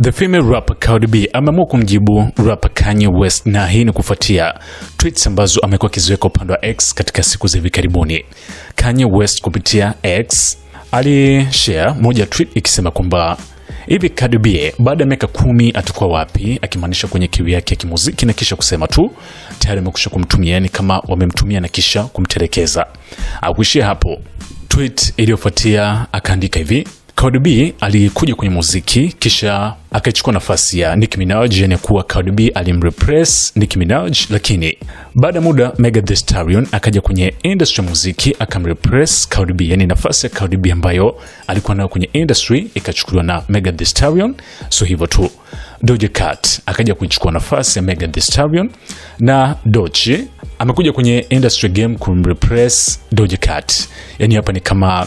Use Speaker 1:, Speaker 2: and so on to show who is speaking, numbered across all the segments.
Speaker 1: The female rapper Cardi B ameamua kumjibu rapper Kanye West na hii ni kufuatia tweets ambazo amekuwa akiziweka upande wa X katika siku za hivi karibuni. Kanye West kupitia X alishare moja tweet ikisema kwamba hivi Cardi B baada ya miaka kumi atakuwa wapi, akimaanisha kwenye kiwi yake ya kimuziki, na kisha kusema tu tayari amekusha kumtumia, yani kama wamemtumia na kisha kumtelekeza. Akuishia hapo, tweet iliyofuatia akaandika hivi Cardi B alikuja kwenye muziki kisha akachukua nafasi ya Nicki Minaj, yani kuwa Cardi B alimrepress Nicki Minaj, lakini baada ya muda Megan Thee Stallion akaja kwenye industry muziki akamrepress Cardi B, yani nafasi ya Cardi B ambayo alikuwa nayo kwenye industry ikachukuliwa na Megan Thee Stallion. So hivyo tu Doja Cat akaja kuchukua nafasi ya Megan Thee Stallion na Doja amekuja kwenye industry game kumrepress Doja Cat, yani hapa ni kama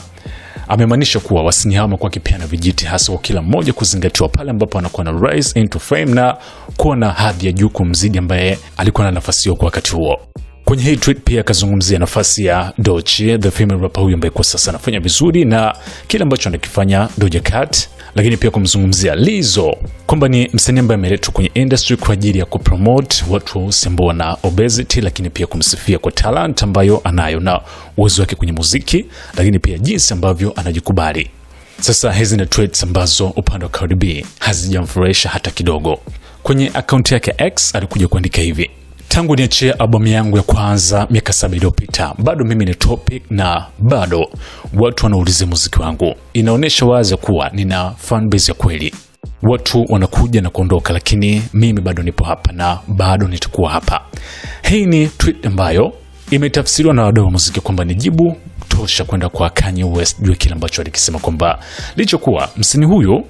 Speaker 1: Amemaanisha kuwa wasanii hao wamekuwa wakipeana vijiti hasa kwa kila mmoja kuzingatiwa pale ambapo anakuwa na rise into fame na kuwa na hadhi ya juu kumzidi ambaye alikuwa na nafasi hiyo kwa wakati huo. Kwenye hii tweet pia akazungumzia nafasi ya Dochi the female rapper huyu ambaye kwa sasa anafanya vizuri na kile ambacho anakifanya Doja Cat, lakini pia kumzungumzia Lizzo kwamba ni msanii ambaye ameletwa kwenye industry kwa ajili ya kupromote watu weusi ambao wana obesity, lakini pia kumsifia kwa talent ambayo anayo na uwezo wake kwenye muziki, lakini pia jinsi ambavyo anajikubali. Sasa hizi ni tweets ambazo upande wa Cardi B hazijamfurahisha hata kidogo. Kwenye akaunti yake X alikuja kuandika hivi: Tangu niachie albamu yangu ya kwanza miaka saba iliyopita, bado mimi ni topic na bado watu wanaulizia muziki wangu. Inaonyesha wazi kuwa nina fan base ya kweli. Watu wanakuja na kuondoka, lakini mimi bado nipo hapa na bado nitakuwa hapa. Hii ni tweet ambayo imetafsiriwa na wadau wa muziki kwamba ni jibu tosha kwenda kwa Kanye West juu ya kile ambacho alikisema kwamba licho kuwa msini huyo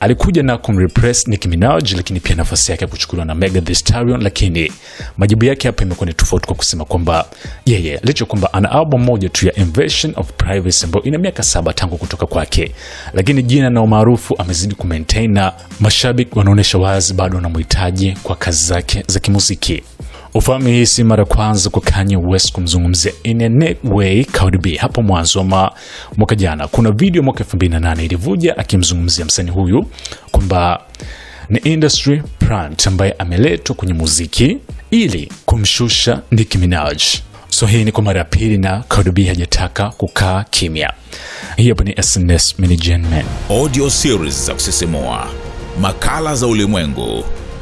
Speaker 1: alikuja na kumrepress Nicki Minaj, lakini pia nafasi yake ya kuchukuliwa na Megan Thee Stallion, lakini majibu yake hapa imekuwa ni tofauti, kwa kusema kwamba yeye yeah, yeah, licha kwamba ana album moja tu ya Invasion of Privacy ambayo ina miaka saba tangu kutoka kwake, lakini jina na umaarufu amezidi kumaintain na mashabiki wanaonyesha wazi bado wanamhitaji kwa kazi zake za kimuziki. Ufahamu hii si mara kwanza kwa Kanye West kumzungumzia in net way Cardi B. Hapo mwanzo ma mwaka jana, kuna video mwaka 2008 ilivuja akimzungumzia msanii huyu kwamba ni industry plant ambaye ameletwa kwenye muziki ili kumshusha Nicki Minaj. So hii ni kwa mara ya pili na Cardi B hajataka kukaa kimya. Hii hapo ni SNS Men.
Speaker 2: Audio series za kusisimua, makala za ulimwengu